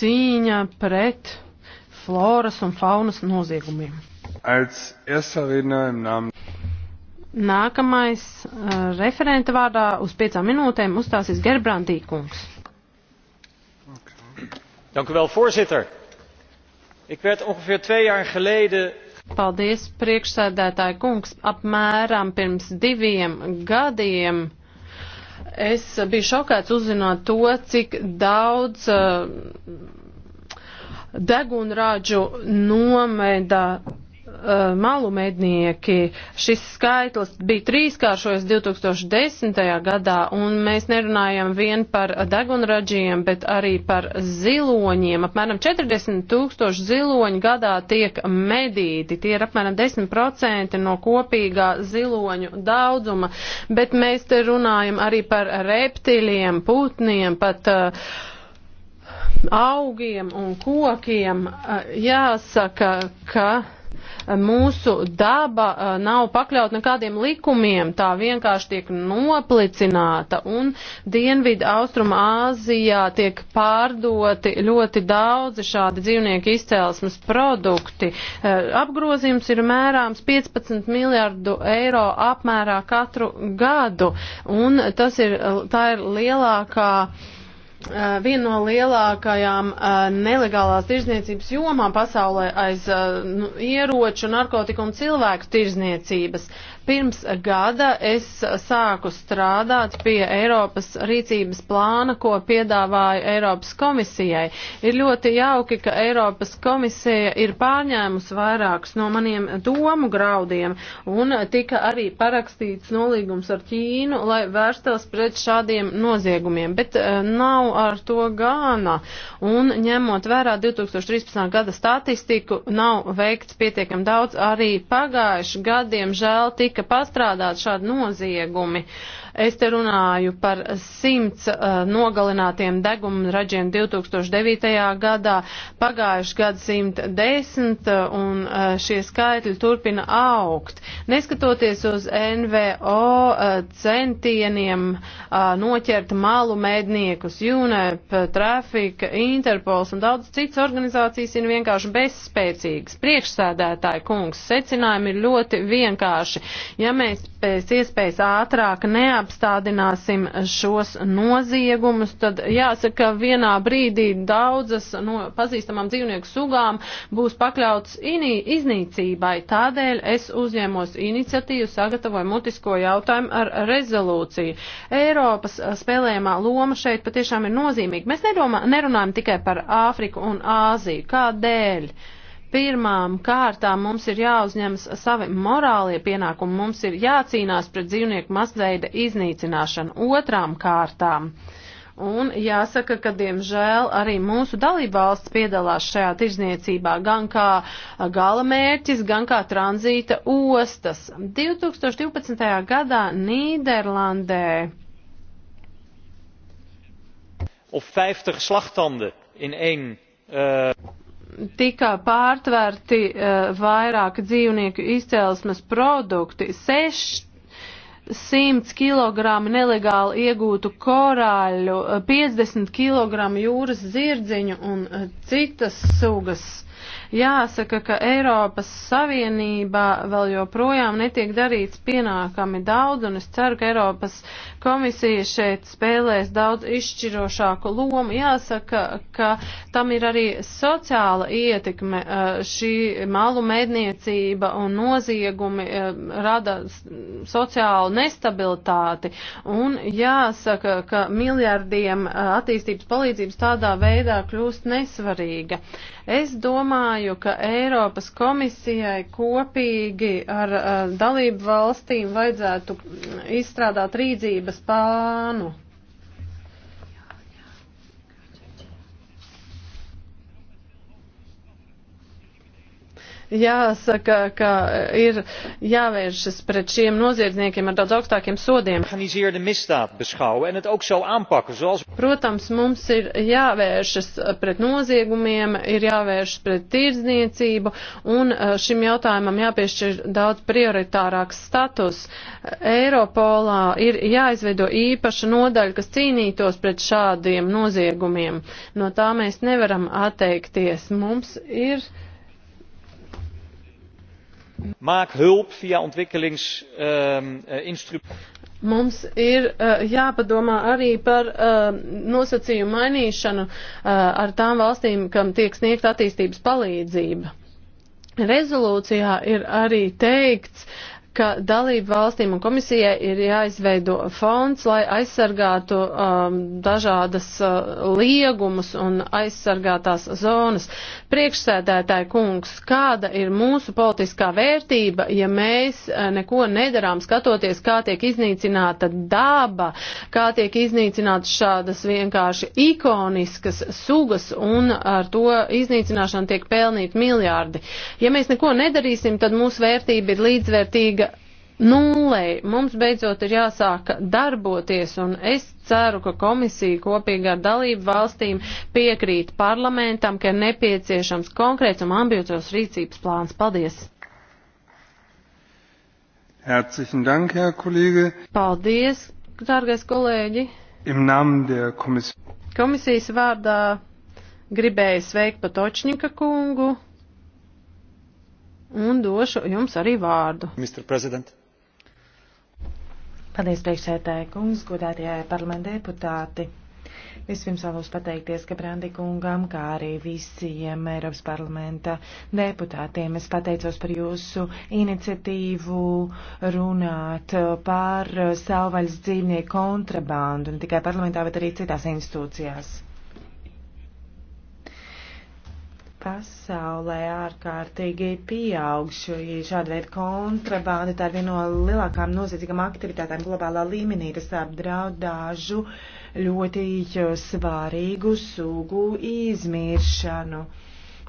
cīņa pret floras un faunas noziegumiem. Als erster Redner im Namen Nākamais uh, referenta vārdā uz piecām minūtēm uzstāsies Gerbrandī kungs. Dank u wel, voorzitter. Ik werd ongeveer twee jaar geleden. Paldies, priekšsēdētāji kungs. Apmēram pirms diviem gadiem Es biju šokēts uzzināt to, cik daudz uh, degunraģu nomeda Eh, malu mednieki. Šis skaitlis bija trīskāršojas 2010. gadā, un mēs nerunājam vien par degunraģiem, bet arī par ziloņiem. Apmēram 40 tūkstoši ziloņu gadā tiek medīti. Tie ir apmēram 10% no kopīgā ziloņu daudzuma, bet mēs te runājam arī par reptiliem, putniem, pat uh, augiem un kokiem. Uh, jāsaka, ka Mūsu daba nav pakļaut nekādiem likumiem, tā vienkārši tiek noplicināta un Dienvidu Austrum Āzijā tiek pārdoti ļoti daudzi šādi dzīvnieku izcēlesmes produkti. Apgrozījums ir mērāms 15 miljardu eiro apmērā katru gadu un tas ir, tā ir lielākā Eh, viena no lielākajām eh, nelegālās tirzniecības jomām pasaulē aiz eh, nu, ieroču, narkotiku un cilvēku tirzniecības. Pirms gada es sāku strādāt pie Eiropas rīcības plāna, ko piedāvāju Eiropas komisijai. Ir ļoti jauki, ka Eiropas komisija ir pārņēmusi vairākus no maniem domu graudiem un tika arī parakstīts nolīgums ar Ķīnu, lai vērstos pret šādiem noziegumiem. Bet eh, nav ar to gāna. Un ņemot vērā 2013. gada statistiku, nav veikts pietiekam daudz arī pagājuši gadiem žēl tika tika pastrādāt šādi noziegumi. Uh, Es te runāju par simts uh, nogalinātiem deguma raģiem 2009. gadā, pagājuši gadu 110, uh, un uh, šie skaitļi turpina augt. Neskatoties uz NVO uh, centieniem uh, noķert malu mēdniekus, UNEP, Traffic, Interpols un daudz citas organizācijas ir vienkārši bezspēcīgas. Priekšsēdētāji kungs, secinājumi ir ļoti vienkārši. Ja mēs pēc iespējas ātrāk neatbalstām, neapstādināsim šos noziegumus, tad jāsaka, ka vienā brīdī daudzas no pazīstamām dzīvnieku sugām būs pakļauts inī, iznīcībai. Tādēļ es uzņēmos iniciatīvu, sagatavoju mutisko jautājumu ar rezolūciju. Eiropas spēlējumā loma šeit patiešām ir nozīmīga. Mēs nedomā, nerunājam tikai par Āfriku un Āziju. Kādēļ? Pirmām kārtām mums ir jāuzņemas savi morālie pienākumi, mums ir jācīnās pret dzīvnieku masveida iznīcināšanu. Otrām kārtām. Un jāsaka, ka diemžēl arī mūsu dalībvalsts piedalās šajā tirzniecībā gan kā gala mērķis, gan kā tranzīta ostas. 2012. gadā Nīderlandē. Of 50 slachtanden in één. Uh tika pārtverti uh, eh, vairāki dzīvnieku izcelsmes produkti. Seš 100 kg nelegāli iegūtu korāļu, 50 eh, kg jūras zirdziņu un eh, citas sugas. Jāsaka, ka Eiropas Savienībā vēl joprojām netiek darīts pienākami daudz, un es ceru, ka Eiropas Komisija šeit spēlēs daudz izšķirošāku lomu. Jāsaka, ka tam ir arī sociāla ietekme. Eh, šī malu mēdniecība un noziegumi eh, rada sociālu nestabilitāti. Un jāsaka, ka miljardiem eh, attīstības palīdzības tādā veidā kļūst nesvarīga. Es domāju, ka Eiropas komisijai kopīgi ar dalību valstīm vajadzētu izstrādāt rīdzības veselības pānu. Jāsaka, ka ir jāvēršas pret šiem noziedzniekiem ar daudz augstākiem sodiem. Protams, mums ir jāvēršas pret noziegumiem, ir jāvēršas pret tirdzniecību un e, šim jautājumam jāpiešķir daudz prioritārāks status. Eiropolā ir jāizveido īpaša nodaļa, kas cīnītos pret šādiem noziegumiem. No tā mēs nevaram atteikties. Mums ir Māk hulp via ontwikkelingsinstrumenten. Ehm, eh, um, Mums ir uh, jāpadomā arī par uh, nosacījumu mainīšanu uh, ar tām valstīm, kam tiek sniegta attīstības palīdzība. Rezolūcijā ir arī teikts, ka dalību valstīm un komisijai ir jāizveido fonds, lai aizsargātu um, dažādas uh, liegumus un aizsargātās zonas. Priekšsēdētāji kungs, kāda ir mūsu politiskā vērtība, ja mēs uh, neko nedarām, skatoties, kā tiek iznīcināta daba, kā tiek iznīcinātas šādas vienkārši ikoniskas sugas un ar to iznīcināšanu tiek pelnīt miljārdi. Ja mēs neko nedarīsim, tad mūsu vērtība ir līdzvērtīga nullei. Mums beidzot ir jāsāk darboties, un es ceru, ka komisija kopīgi ar dalību valstīm piekrīt parlamentam, ka ir nepieciešams konkrēts un ambiciozs rīcības plāns. Paldies! Herzlichen Dank, Herr Kollege. Paldies, dārgais kolēģi. Im Namen der Kommission. Komisijas vārdā gribēju sveikt Patočņika kungu un došu jums arī vārdu. Mr. President. Paldies, priekšsētāji kungs, godātie parlamenta deputāti. Vispirms vēlos pateikties, ka Brandi kungam, kā arī visiem Eiropas parlamenta deputātiem, es pateicos par jūsu iniciatīvu runāt par savvaļas dzīvnieku kontrabandu, ne tikai parlamentā, bet arī citās institūcijās. pasaulē ārkārtīgi pieaug šāda veida kontrabanda. Tā ir viena no lielākām noziedzīgām aktivitātēm globālā līmenī. Tas apdraud dažu ļoti svarīgu sugu izmiršanu.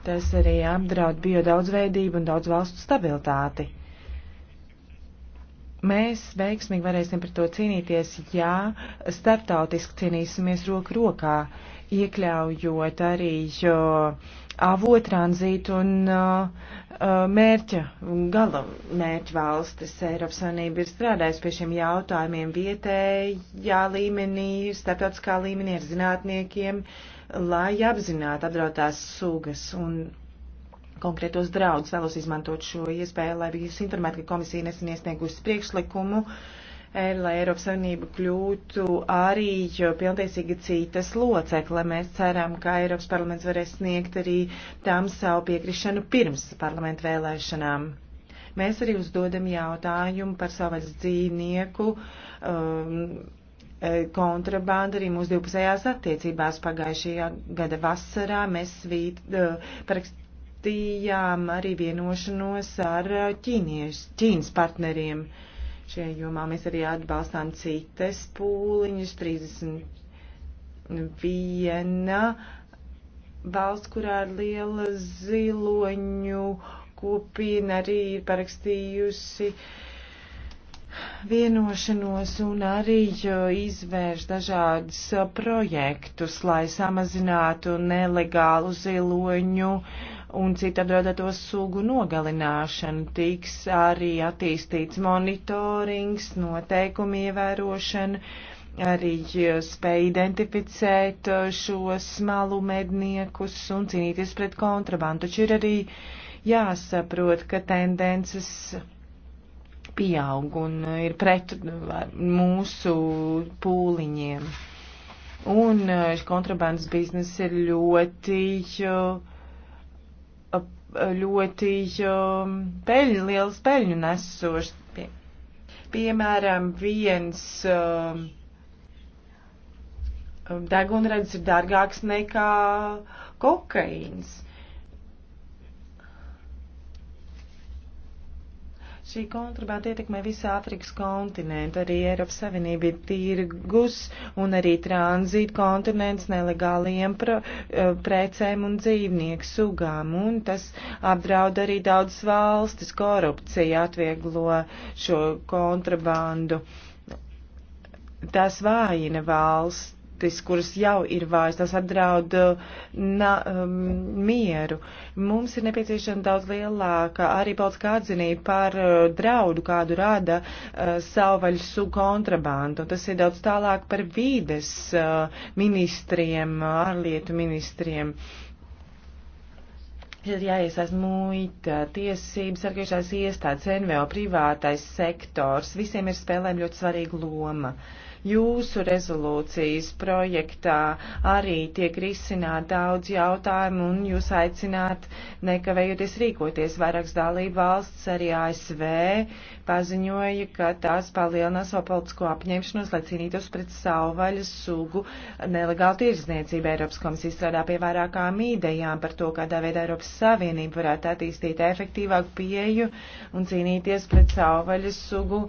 Tas arī apdraud biodaudzveidību un daudz valstu stabilitāti. Mēs veiksmīgi varēsim par to cīnīties, ja starptautiski cīnīsimies roku rokā, iekļaujot arī uh, avotranzītu un uh, uh, mērķa, gala mērķa valstis. Eiropas Savienība ir strādājusi pie šiem jautājumiem vietējā līmenī, starptautiskā līmenī ar zinātniekiem, lai apzinātu apdrautās sugas un konkrētos draudus. Vēlos izmantot šo iespēju, lai jūs informētu, ka komisija nesen iesniegusi priekšlikumu uh, lai Eiropas Savienība kļūtu arī pilntiesīgi citas locekle. Mēs ceram, ka Eiropas parlaments varēs sniegt arī tām savu piekrišanu pirms parlamentu vēlēšanām. Mēs arī uzdodam jautājumu par savas dzīvnieku um, e, kontrabandu arī mūsu divpusējās attiecībās pagājušajā gada vasarā. Mēs svīt, uh, parakstījām arī vienošanos ar ķīnieš, Ķīnas partneriem. Uh, šajā jomā. Mēs arī atbalstām citas pūliņus, 31 valsts, kurā ir liela ziloņu kopiena, arī ir parakstījusi vienošanos un arī izvērš dažādus projektus, lai samazinātu nelegālu ziloņu uh, un citu apdraudēto sugu nogalināšanu. Tiks arī attīstīts monitorings, noteikumu ievērošana, arī spēja identificēt uh, šos smalu medniekus un cīnīties pret kontrabandu. Taču ir arī jāsaprot, ka tendences pieaug un uh, ir pret uh, mūsu pūliņiem. Un kontrabandas biznesa ir ļoti uh, ļoti um, peļņu, liels peļņu nesošs. Pie, piemēram, viens um, um, degunrads ir dārgāks nekā kokaīns. Šī kontrabanda ietekmē visu Āfrikas kontinentu, arī Eiropas Savienība ir tirgus un arī tranzīta kontinents nelegāliem pro, eh, precēm un dzīvnieku sugām, un tas apdraud arī daudzas valstis, korupcija atvieglo šo kontrabandu. Tas vājina valsts valstis, kuras jau ir vājas, tas apdraud uh, na, um, mieru. Mums ir nepieciešama daudz lielāka arī politiskā atzinība par uh, draudu, kādu rada uh, savvaļu su kontrabandu. Tas ir daudz tālāk par vīdes uh, ministriem, ārlietu ministriem. Uh, ir jāiesaist muita, tiesības, sargājušās iestādes, NVO, privātais sektors. Visiem ir spēlēm ļoti svarīga loma. Uh, Jūsu rezolūcijas projektā arī tiek risināt daudz jautājumu un jūs aicināt nekavējoties rīkoties. Vairākas dalība valsts arī ASV paziņoja, ka tās palielinās savu politisko apņemšanos, lai cīnītos pret sauvaļas sugu nelegālu tirzniecību. Eiropas komisija strādā pie vairākām idejām par to, kādā veidā Eiropas Savienība varētu attīstīt efektīvāku pieeju un cīnīties pret sauvaļas sugu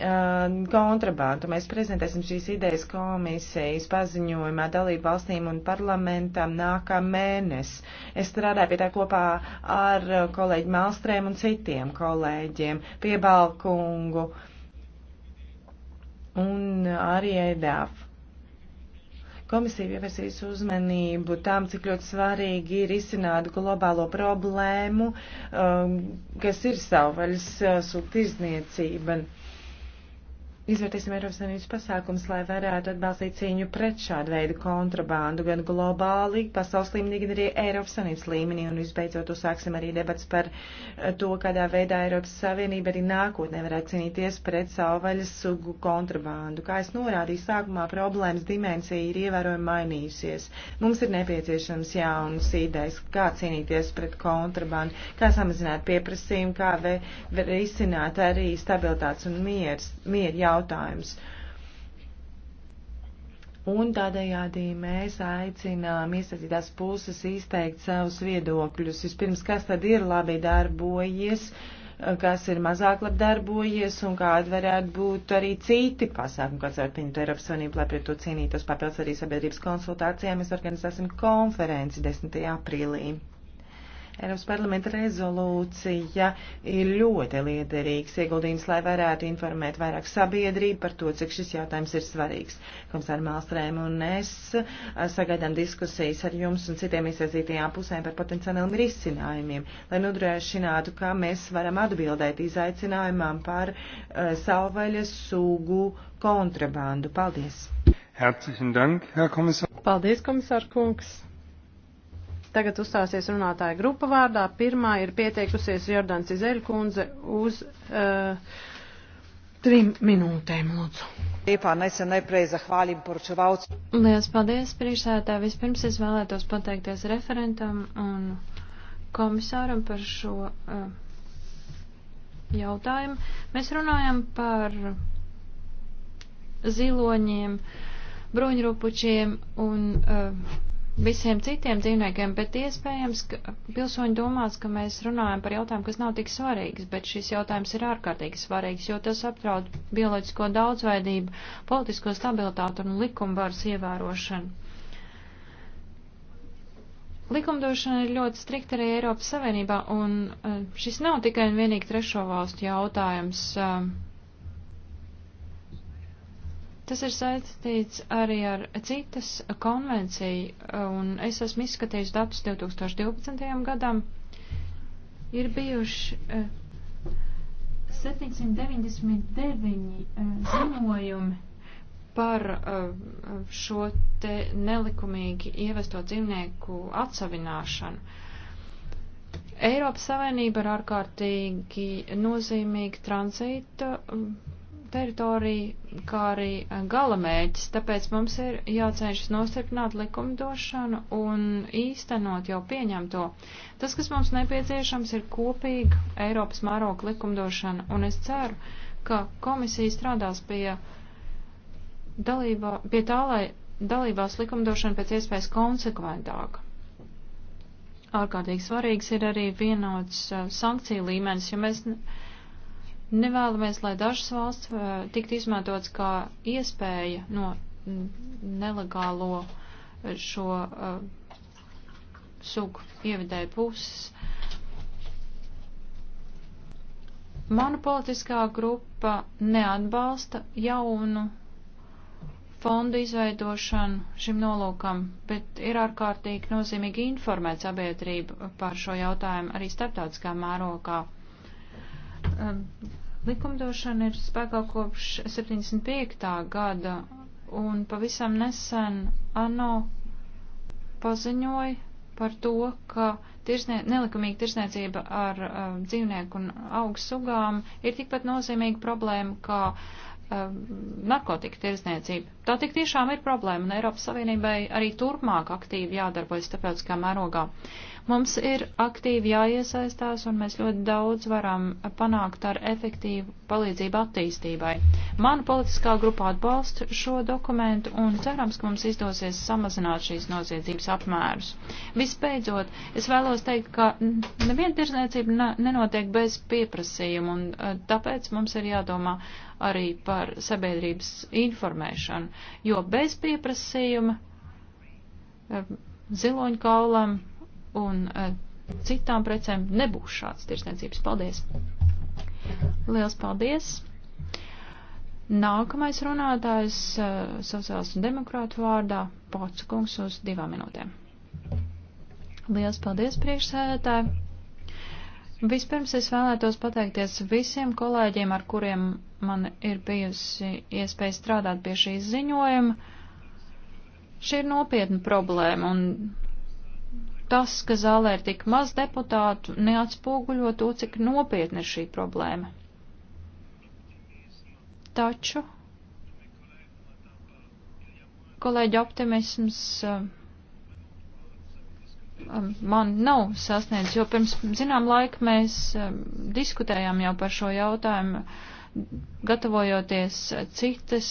Uh, kontrabandu. Mēs prezentēsim šīs idejas komisijas paziņojumā dalību valstīm un parlamentam nākā mēnes. Es strādāju pie tā kopā ar kolēģi Malstrēm un citiem kolēģiem, pie Balkungu un arī Eidāfu. Komisija pievērsīs uzmanību tam, cik ļoti svarīgi ir izsināt globālo problēmu, uh, kas ir savvaļas sūtirzniecība. Uh, Izvērtēsim Eiropas Savienības pasākums, lai varētu atbalstīt cīņu pret šādu veidu kontrabandu gan globāli, pasaules līmenī, gan arī Eiropas Savienības līmenī. Un visbeidzot, uzsāksim arī debats par eh, to, kādā veidā Eiropas Savienība arī nākotnē varētu cīnīties pret savvaļas sugu kontrabandu. Kā es norādīju, sākumā problēmas dimensija ir ievērojami mainījusies. Mums ir nepieciešams jauns idejas, kā cīnīties pret kontrabandu, kā samazināt pieprasījumu, kā risināt arī stabilitātes un mieru. Mier, jautājums. Un tādējādi mēs aicinām iesaistītās puses izteikt savus viedokļus. Vispirms, kas tad ir labi darbojies, kas ir mazāk labi darbojies un kādi varētu būt arī citi pasākumi, kāds var pieņemt Eiropas Savienību, lai pret to cīnītos. Papildus arī sabiedrības konsultācijām mēs organizēsim konferenci 10. aprīlī. Eiropas parlamenta rezolūcija ir ļoti liederīgs ieguldījums, lai varētu informēt vairāk sabiedrību par to, cik šis jautājums ir svarīgs. Komisāra Mālstrēm un es sagaidām diskusijas ar jums un citiem iesaistītajām pusēm par potenciāliem risinājumiem, lai nodrošinātu, kā mēs varam atbildēt izaicinājumam par uh, savvaļas sugu kontrabandu. Paldies! Herzlichen Dank, Herr Kommissar. Paldies, komisār kungs! Tagad uzstāsies runātāja grupa vārdā. Pirmā ir pieteikusies Jordans Izeļa kundze uz uh, trim minūtēm, lūdzu. Lielas paldies, priekšsētā. Vispirms es vēlētos pateikties referentam un komisāram par šo uh, jautājumu. Mēs runājam par ziloņiem, bruņurupučiem un uh, visiem citiem dzīvniekiem, bet iespējams, ka pilsoņi domās, ka mēs runājam par jautājumu, kas nav tik svarīgs, bet šis jautājums ir ārkārtīgi svarīgs, jo tas apdraud bioloģisko daudzveidību, politisko stabilitātu un likumvaras ievērošanu. Likumdošana ir ļoti strikta arī Eiropas Savienībā, un eh, šis nav tikai un vienīgi trešo valstu jautājums. Uh, Tas ir saistīts arī ar citas konvenciju, un es esmu izskatījis datus 2012. gadam. Ir bijuši 799 eh, eh, ziņojumi par eh, šo te nelikumīgi ievesto dzīvnieku atsavināšanu. Eiropas Savienība ir ārkārtīgi nozīmīga tranzīta mm, teritoriju, kā arī eh, galamērķis, tāpēc mums ir jācenšas nostiprināt likumdošanu un īstenot jau pieņemto. Tas, kas mums nepieciešams, ir kopīga Eiropas mēroga likumdošana, un es ceru, ka komisija strādās pie, dalībā, pie tā, lai dalībās likumdošana pēc iespējas konsekventāka ārkārtīgi svarīgs ir arī vienots eh, sankciju līmenis, jo mēs Nevēlamies, lai dažas valsts eh, tiktu izmantotas kā iespēja no nelegālo eh, šo eh, sugu ievedēju puses. Mana politiskā grupa neatbalsta jaunu fondu izveidošanu šim nolūkam, bet ir ārkārtīgi nozīmīgi informēt sabiedrību par šo jautājumu arī starptautiskā mērokā. Ehm, Likumdošana ir spēkā kopš 75. gada, un pavisam nesen ANO paziņoja par to, ka tirsnie, nelikumīga tirsniecība ar uh, dzīvnieku un augstsugām ir tikpat nozīmīga problēma kā uh, narkotika tirsniecība. Tā tik tiešām ir problēma, un Eiropas Savienībai arī turpmāk aktīvi jādarbojas starptautiskā mērogā. Uh, Mums ir aktīvi jāiesaistās, un mēs ļoti daudz varam panākt ar efektīvu palīdzību attīstībai. Mana politiskā grupa atbalsta šo dokumentu, un cerams, ka mums izdosies samazināt šīs noziedzības apmērus. Vispēdzot, es vēlos teikt, ka neviena tirzniecība nenotiek bez pieprasījuma, un eh, tāpēc mums ir jādomā arī par sabiedrības informēšanu, jo bez pieprasījuma eh, ziloņkaulam un eh, citām precēm nebūs šāds tirsniecības. Paldies! Liels paldies! Nākamais runātājs eh, sociāls un demokrātu vārdā Pots kungs uz divām minūtēm. Liels paldies priekšsēdētāji! Vispirms es vēlētos pateikties visiem kolēģiem, ar kuriem man ir bijusi iespēja strādāt pie šīs ziņojuma. Šī ir nopietna problēma, un tas, ka zālē ir tik maz deputātu, neatspoguļo to, cik nopietna ir šī problēma. Taču kolēģi optimisms eh, eh, man nav sasniedzis, jo pirms zinām laika mēs eh, diskutējām jau par šo jautājumu, gatavojoties citas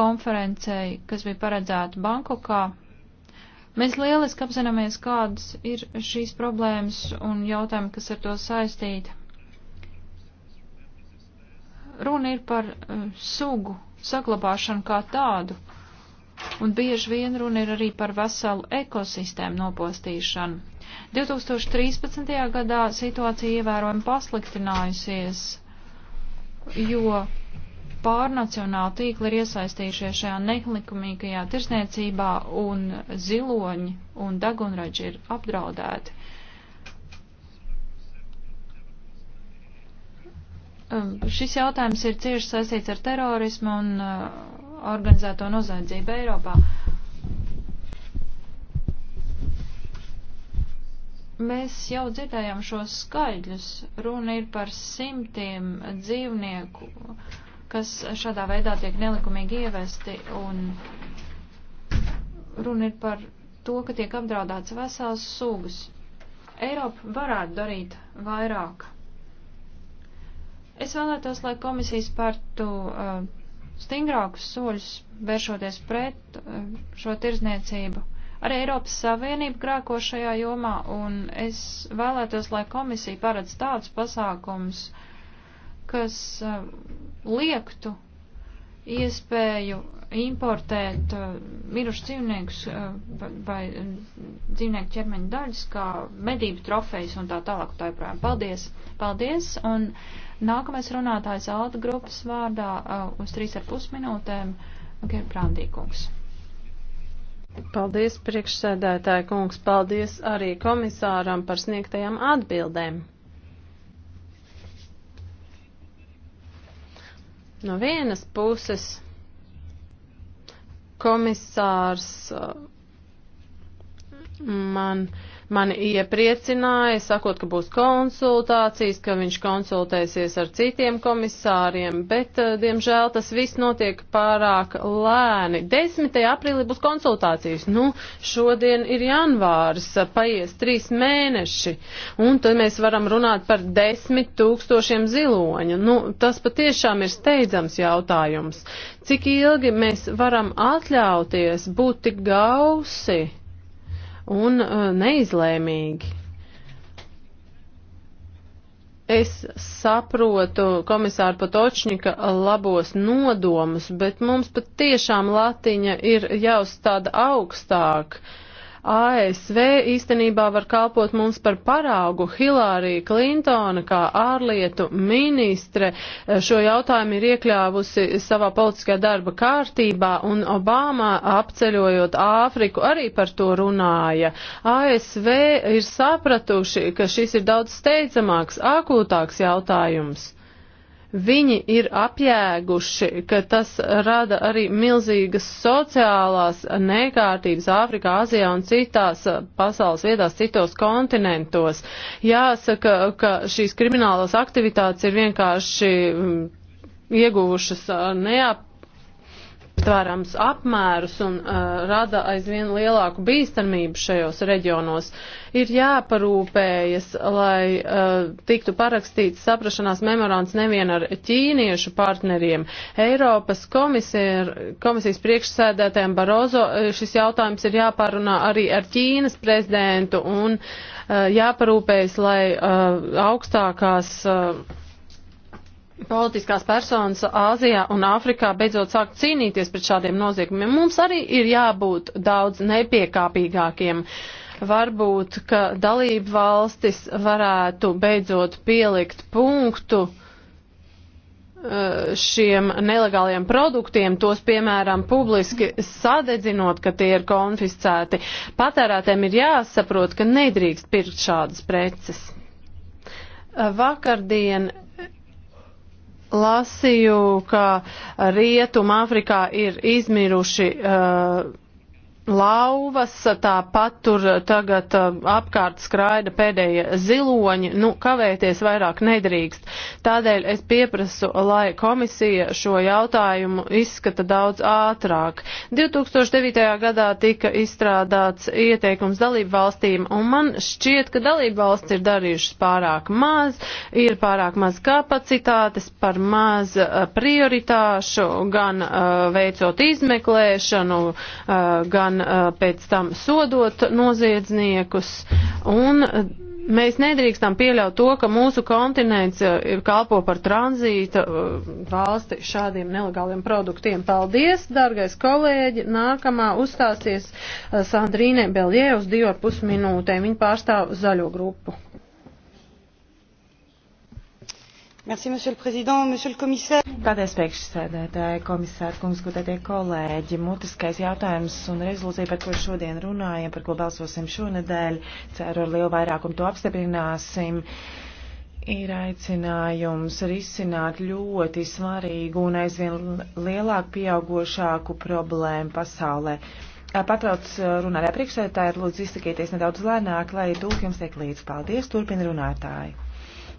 konferencei, kas bija paredzēta Bankokā. Mēs lieliski apzināmies, kādas ir šīs problēmas un jautājumi, kas ar to saistīti. Runa ir par eh, sugu saglabāšanu kā tādu, un bieži vien runa ir arī par veselu ekosistēmu nopostīšanu. 2013. gadā situācija ievērojami pasliktinājusies, jo pārnacionāli tīkli ir iesaistījušies šajā neklikumīgajā tirsniecībā un ziloņi un dagunraģi ir apdraudēti. Um, šis jautājums ir cieši saistīts ar terorismu un uh, organizēto noziedzību Eiropā. Mēs jau dzirdējām šos skaidļus. Runa ir par simtiem dzīvnieku, uh, kas šādā veidā tiek nelikumīgi ievesti, un runa ir par to, ka tiek apdraudāts vesels sugas. Eiropa varētu darīt vairāk. Es vēlētos, lai komisija spērtu uh, stingrākus soļus, vēršoties pret uh, šo tirzniecību. Arī Eiropas Savienība grēko šajā jomā, un es vēlētos, lai komisija paredz tādus pasākumus, uh, kas eh, liektu iespēju importēt eh, mirušus dzīvniekus eh, vai dzīvnieku ķermeņa daļas, kā medību trofejas un tā tālāk. Tā joprojām. Paldies! Paldies! Un nākamais runātājs Alta grupas vārdā uz 3,5 minūtēm Gerprāndīkungs. Okay, Paldies, priekšsēdētāja kungs, paldies arī komisāram par sniegtajām atbildēm. No vienas puses komisārs uh, man uh, mani iepriecināja, sakot, ka būs konsultācijas, ka viņš konsultēsies ar citiem komisāriem, bet, eh, diemžēl, tas viss notiek pārāk lēni. 10. aprīlī būs konsultācijas. Nu, šodien ir janvārs, paies trīs mēneši, un tad mēs varam runāt par desmit tūkstošiem ziloņu. Nu, tas patiešām ir steidzams jautājums. Cik ilgi mēs varam atļauties būt tik gausi? un uh, neizlēmīgi. Es saprotu komisāru Patočņika labos nodomus, bet mums pat tiešām latiņa ir jāuzstāda augstāk. Uh, ASV īstenībā var kalpot mums par paraugu. Hilārija Klintona, kā ārlietu ministre, šo jautājumu ir iekļāvusi savā politiskajā darba kārtībā, un Obama apceļojot Āfriku arī par to runāja. ASV ir sapratuši, ka šis ir daudz steidzamāks, akūtāks jautājums. Viņi ir apjēguši, ka tas rada arī milzīgas sociālās nekārtības Āfrikā, Azijā un citās pasaules vietās, citos kontinentos. Jāsaka, ka šīs kriminālās aktivitātes ir vienkārši mm, ieguvušas uh, neap neaptvarams apmērus un uh, rada aizvien lielāku bīstamību šajos reģionos. Ir jāparūpējas, lai uh, tiktu parakstīts saprašanās memorands nevien ar ķīniešu partneriem. Eiropas komisija, komisijas priekšsēdētājiem Barozo uh, šis jautājums ir jāparunā arī ar Ķīnas prezidentu un uh, jāparūpējas, lai uh, augstākās. Uh, politiskās personas Āzijā un Āfrikā beidzot sāk cīnīties pret šādiem noziegumiem. Mums arī ir jābūt daudz nepiekāpīgākiem. Varbūt, ka dalību valstis varētu beidzot pielikt punktu eh, šiem nelegāliem produktiem, tos, piemēram, publiski sadedzinot, ka tie ir konfiscēti. Patērētēm ir jāsaprot, ka nedrīkst pirkt šādas preces. Vakardien lasīju, ka Rietum Afrikā ir izmiruši uh, lauvas, tāpat tur tagad um, apkārt skraida pēdējie ziloņi, nu, kavēties vairāk nedrīkst. Tādēļ es pieprasu, lai komisija šo jautājumu izskata daudz ātrāk. 2009. gadā tika izstrādāts ieteikums dalību valstīm, un man šķiet, ka dalību valsts ir darījušas pārāk maz, ir pārāk maz kapacitātes, par maz uh, prioritāšu, gan uh, veicot izmeklēšanu, uh, gan gan pēc tam sodot noziedzniekus. Un mēs nedrīkstam pieļaut to, ka mūsu kontinents kalpo par tranzīta valsti šādiem nelegāliem produktiem. Paldies, dargais kolēģi! Nākamā uzstāsies Sandrīne Beljē uz divu ar pus minūtēm. Viņa pārstāv zaļo grupu. Merci, monsieur le président, monsieur le commissaire. Paldies, priekšsēdētāji, komisāri, kungs, gudētie kolēģi. Mutiskais jautājums un rezolūcija, par ko šodien runājam, par ko balsosim šonedēļ, ceru ar lielu vairākumu to apstiprināsim, ir aicinājums risināt ļoti svarīgu un aizvien lielāku pieaugošāku problēmu pasaulē. Patrauc runātāja priekšsēdētāja, lūdzu izsakieties nedaudz lēnāk, lai tūk jums tiek līdz. Paldies, turpina runātāji.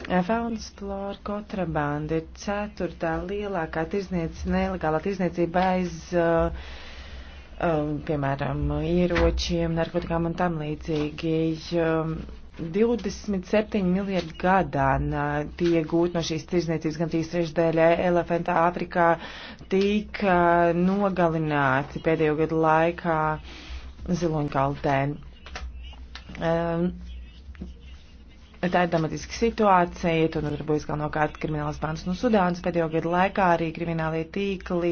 Faunasflora kontrabanda ir ceturtā lielākā tirzniec, nelegālā tirzniecība aiz, uh, uh, piemēram, ieročiem, narkotikām un tam līdzīgi. Uh, um, 27 miljardi gadā uh, tiek gūti no šīs tirzniecības, gan trīs trešdēļa elefanta Āfrikā tika uh, nogalināti pēdējo gadu laikā ziloņkaldēn. Um, Tā ir dramatiska situācija, tur nodarbojas galvenokārt kriminālas bandas no Sudānas. Pēdējo gadu laikā arī kriminālie tīkli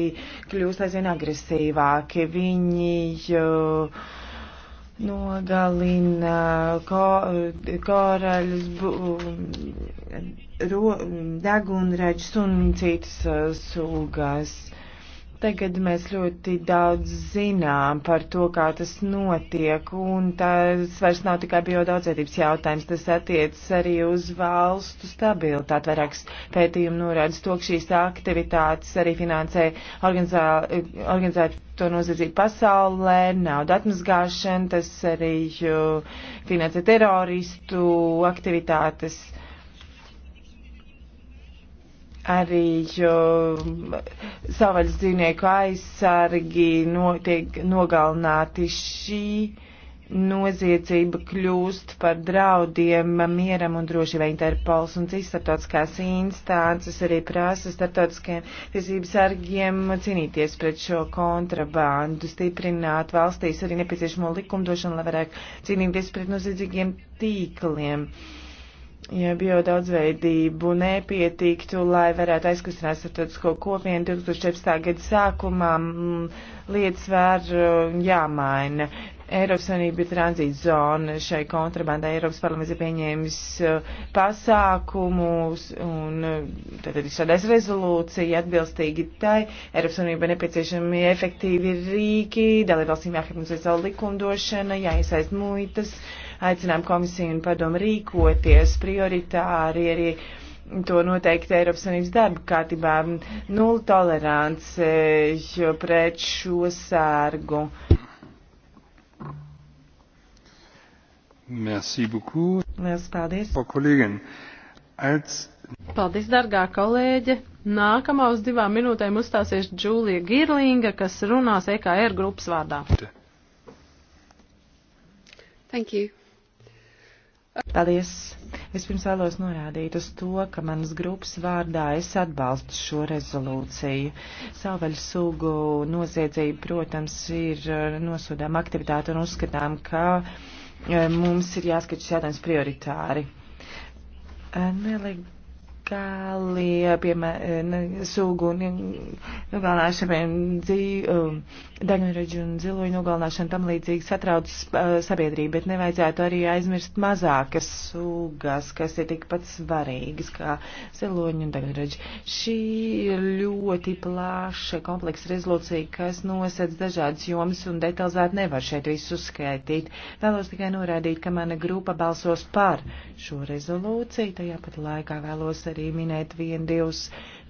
kļūst aizvien agresīvāki. Viņi uh, nogalina ko, koraļus, bu, ro, degunraģus un citas uh, sugas. Uh, Tagad mēs ļoti daudz zinām par to, kā tas notiek, un tas vairs nav tikai biodaudzētības jautājums, tas attiecas arī uz valstu stabilitāti. Vairākas pētījumi norāda to, ka šīs aktivitātes arī finansē organizā, organizēto noziedzību pasaulē, naudu atmazgāšana, tas arī uh, finansē teroristu aktivitātes. Uh, arī mm, savaļas dzīvnieku aizsargi notiek nogalnāti šī noziedzība kļūst par draudiem mieram un drošībai. Interpols un citas starptautiskās instances arī prasa starptautiskajiem tiesības sargiem cīnīties pret šo kontrabandu, stiprināt valstīs arī nepieciešamo likumdošanu, lai varētu cīnīties pret noziedzīgiem tīkliem. Uh, ja biodaudzveidību nepietiktu, lai varētu aizkustināt starptautisko kopienu 2014. gada sākumā, mm, lietas var uh, jāmaina. Eiropas Savienība ir tranzīta zona šai kontrabandai. Eiropas parlaments ir pieņēmis uh, pasākumus un uh, tad ir šādais rezolūcija atbilstīgi tai. Eiropas Savienība nepieciešami efektīvi rīki, dalībvalstīm jāharmonizē savu likumdošana, jāiesaist muitas. Uh, aicinām komisiju un padomu rīkoties prioritāri arī to noteikti Eiropas Savienības darba kārtībā nulla tolerance pret šo sērgu. Merci beaucoup. Lielas paldies. Als... Paldies, dargā kolēģe. Nākamā uz divām minūtēm uzstāsies Džūlija Girlinga, kas runās EKR grupas vārdā. Thank you. Paldies! Vispirms vēlos norādīt uz to, ka manas grupas vārdā es atbalstu šo rezolūciju. Savvaļu sugu noziedzība, protams, ir eh, nosodām aktivitāte un uzskatām, ka eh, mums ir jāskat šis jautājums prioritāri. Eh, Nelīgi fiskāli, piemēram, sugu nogalināšana, piemēram, um, daņoreģu un ziloju nogalināšana tam līdzīgi satrauc uh, sabiedrību, bet nevajadzētu arī aizmirst mazākas sugas, kas ir tikpat svarīgas kā ziloņu un daņoreģi. Šī ir ļoti plāša kompleksa rezolūcija, kas nosedz dažādas jomas un detalizēt nevar šeit visu uzskaitīt. Vēlos tikai norādīt, ka mana grupa balsos par šo rezolūciju, tajā pat laikā vēlos arī arī minēt vienu, divas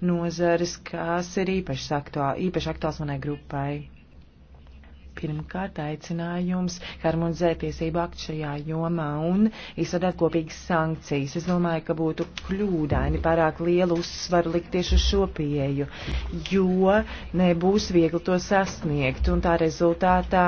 nozares, kas ir īpaši, aktuā, īpaši aktuāls manai grupai. Pirmkārt, aicinājums harmonizēt tiesību aktu šajā jomā un izsadēt kopīgas sankcijas. Es domāju, ka būtu kļūdaini pārāk lielu uzsvaru likt tieši uz šo pieeju, jo nebūs viegli to sasniegt un tā rezultātā